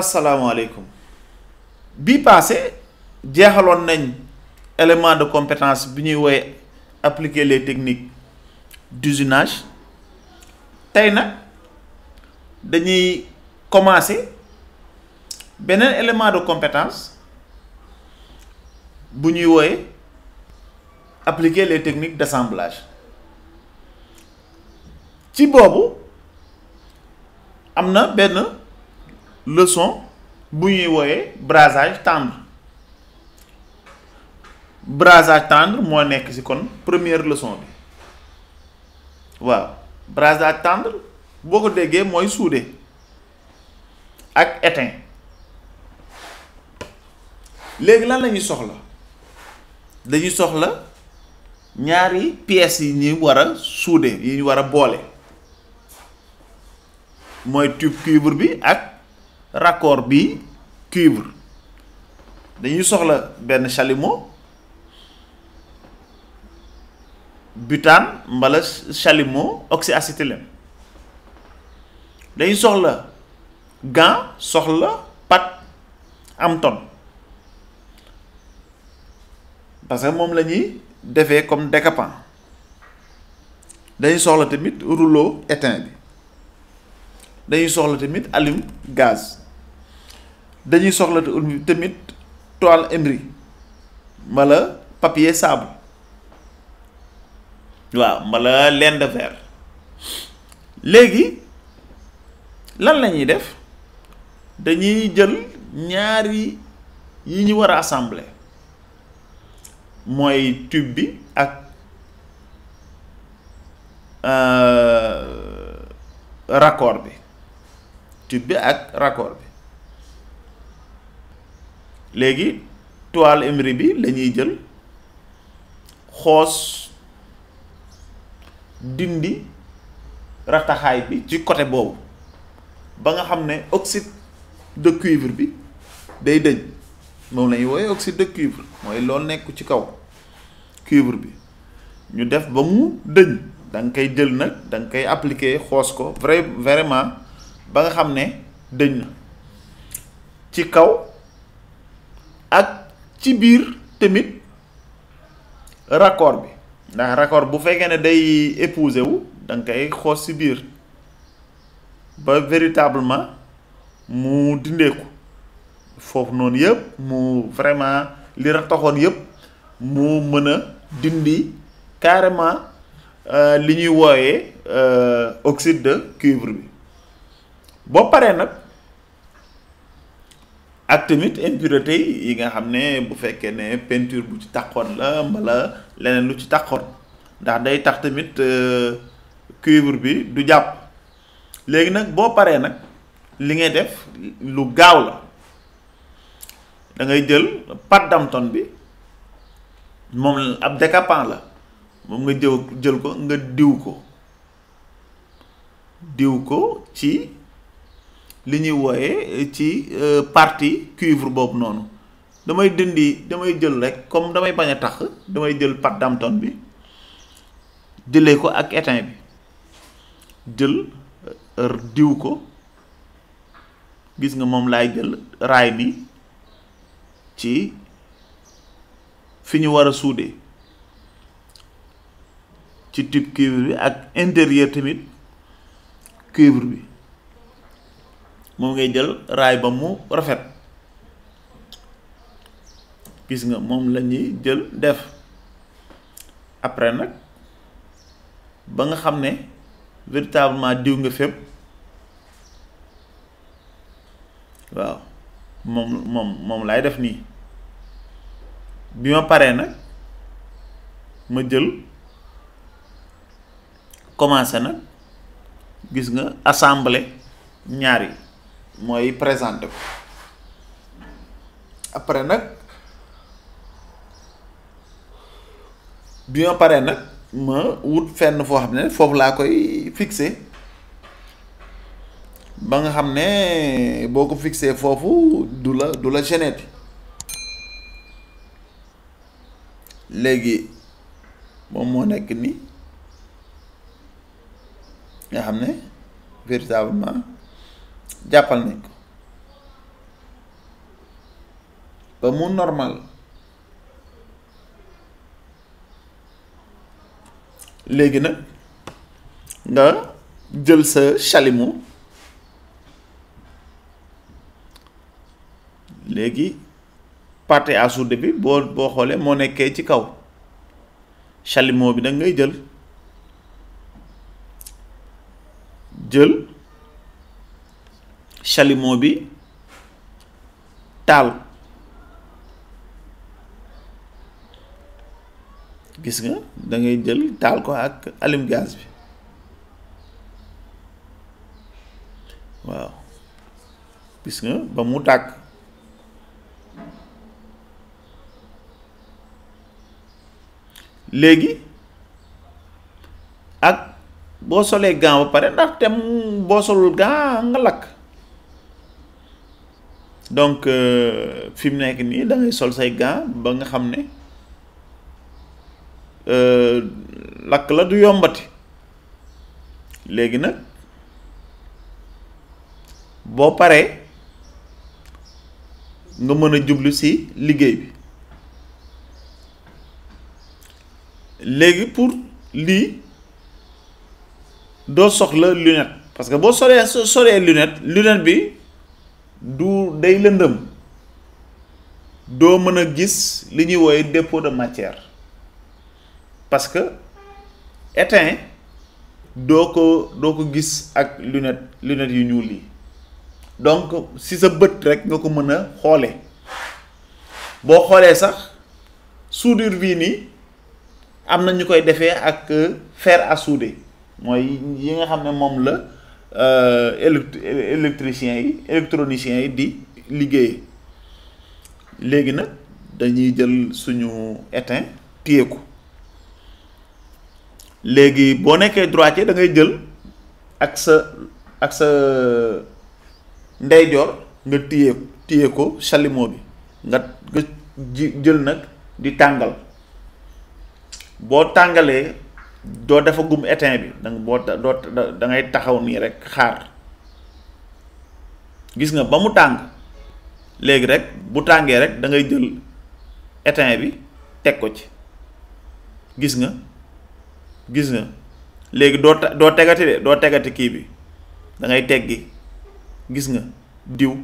asalaamaaleykum bi paase jeexaloon nañ élément de compétence bi ñuy woowe appliquer les techniques d'usinage tey nag dañuy commencer beneen élément de compétence bu ñuy woowe appliquer les techniques d'assemblage ci boobu am na benn leçon bu ñuy wooyee brassage tendre brassage tendre moo nekk ci kon première leçon bi waaw brassage tendre boo ko déggee mooy souder ak étain léegi lan lañuy soxla dañuy soxla ñaari pièces yi ñuy war a souder yi ñu war a boole mooy tube cuivre bi ak. raccord bi cuivre dañuy soxla benn chalumeau butane mbala chalumeau oxyacétylène dañuy soxla gant soxla pat am ton parce que moom la ñuy defee comme décapant dañuy soxla tamit rouleau étain bi dañuy soxla tamit allume gaz dañuy soxla tamit toile émeri mala papier sable waaw mala laine de verre léegi lan la ñuy def dañuy jël ñaari yi ñu war a assembler mooy tube bi ak euh, raccord bi tube bi ak raccord bi léegi toile émeri bi lañuy jël xoos dindi rataxaay bi ci côté boobu ba nga xam ne oxyde de cuivre bi day dëñ moom lañuy wooye oxyde de cuivre mooy loolu nekku ci kaw cuivre bi ñu def ba mu dëñ danga nga koy jël nag danga nga koy appliquer xoos ko vrai vraiment ba nga xam ne dëñ na ci kaw ak ci biir tamit raccord bi ndax raccord bu fekkee ne day épousé wu da nga koy xoos ci biir ba véritablement mu dindeeku foofu noonu yëpp mu vraiment li rataxoon yëpp mu mën a dindi carrément euh, li ñuy wooyee euh, oxyde de cuivre bi boo paree nag ak tamit impureté yi nga xam ne bu fekkee ne peinture bu ci taqoon la mbala leneen lu ci taqoon ndax day tax tamit euh, cuivre bi du jàpp léegi nag boo paree nag li ngay def lu gaaw la da ngay jël pâte damton bi moom ab décapant la moom nga jëw jël ko nga diw ko diw ko ci li ñuy wooyee ci euh, partie cuivre boobu noonu damay dindi damay jël rek comme damay bañ a tax damay jël pâte d'hameçon bi jëlee ko ak étain bi jël euh, er, diw ko gis nga moom laay jël raay bi ci fi ñu war a suude ci tube cuivre bi ak intérieur tamit cuivre bi moom ngay jël raay ba mu rafet gis nga moom la ñuy jël def après nag ba nga xam ne véritablement diw nga fépp waaw moom moom moom laay def nii bi ma paree nag ma jël commencé nag gis nga assemblée ñaar mooy présenté ko après nag bi ma paree nag ma wut fenn foo xam ne foofu laa koy fixé ba nga xam ne boo ko fixé foofu du la du la geneeti léegi moom moo nekk ni nga xam ne véritablement jàppal nañ ko ba mu normal léegi nag nga jël sa chalumeau léegi pâte à soude bi boo boo xoolee moo nekkee ci kaw chalumeau bi da ngay jël jël chalumeau bi taal gis nga da jël taal ko ak allume gaz bi waaw gis nga ba mu tàkk léegi ak boo solee gant ba pare ndax tem boo solul gant nga lakk donc euh, fi mu nekk nii da sol say gants ba nga xam ne euh, lakk la du yombati léegi nag boo paree nga mën a jublu si liggéey bi léegi pour lii doo soxla lunette parce que boo solee soree lunette lunette bi du day lëndëm doo mën a gis li ñuy wooye dépôt de matière parce que étain doo ko doo ko gis ak lunette lunette yu ñuul yi donc si sa bët rek nga ko mën a xoole boo xoolee sax soudure bii nii am na ñu koy defee ak fer à souder mooy yi nga xam ne moom la Euh, élect électriciens yi électroniciens yi di liggéeye léegi nag dañuy jël suñu étain téye ko léegi boo nekkee droitier da ngay jël ak sa ak sa ndeyjoor nga téye téye ko chalumeau bi nga nga ji jël nag di tàngal boo tàngalee doo defagum gum bi danga boo doo ngay taxaw nii rek xaar gis nga ba mu tàng léegi rek bu tàngee rek dangay jël étain bi teg ko ci gis nga gis nga léegi doo doo tegati de doo tegati kii bi dangay ngay teggi gis nga diw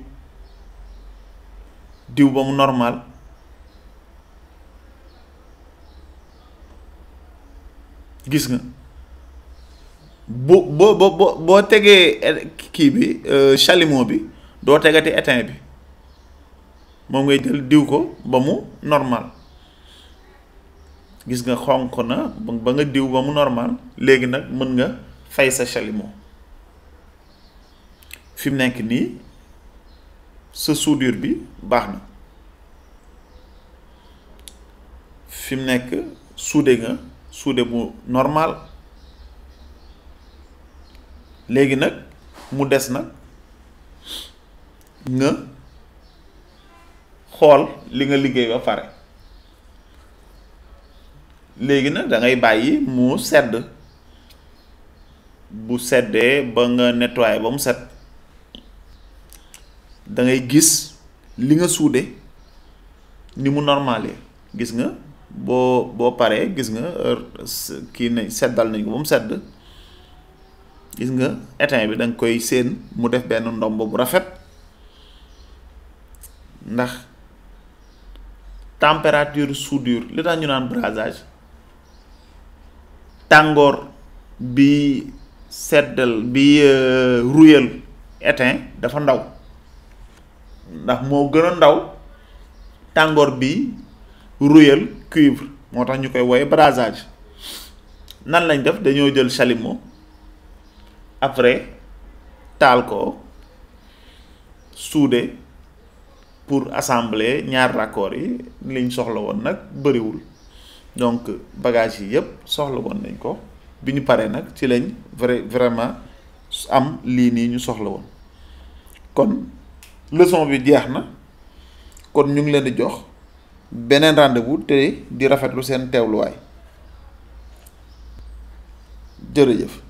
diw ba mu normal gis nga bu boo boo boo tegee kii bi euh, chalumeau bi doo tegati étain bi moom ngay jël diw ko ba mu normal gis nga xonq na ba nga diw ba mu normal léegi nag mën nga fay sa chalumeau fi mu nekk nii sa suudir bi baax na fi mu nekk suude nga suude bu normal léegi nag mu des nag nga xool li nga liggéey ba pare léegi nag dangay bàyyi mu sedd bu seddee ba nga nettoyé ba mu set dangay gis li nga suude ni mu normale gis nga boo boo paree gis nga kii nañ seddal nañ ko ba mu sedd gis nga étain bi da koy séen mu def benn ndomb bu rafet ndax température soudure li tax ñu naan brassage tàngoor bi seddal bi euh, ruyal étain dafa ndaw ndax moo gën a ndaw tàngoor bi ruyal cuivre moo tax ñu koy wooye brassage nan lañ def dañoo jël chalumeau après taal ko suude pour assembler ñaar raccord yi liñ soxla woon nag bëriwul donc bagage yi yëpp soxla woon nañ ko bi ñu paree nag ci lañ vrai vraiment am lii nii ñu soxla woon kon leçon bi jeex na kon ñu ngi leen di jox beneen rendez-vous te di rafetlu seen teewluwaay jërëjëf.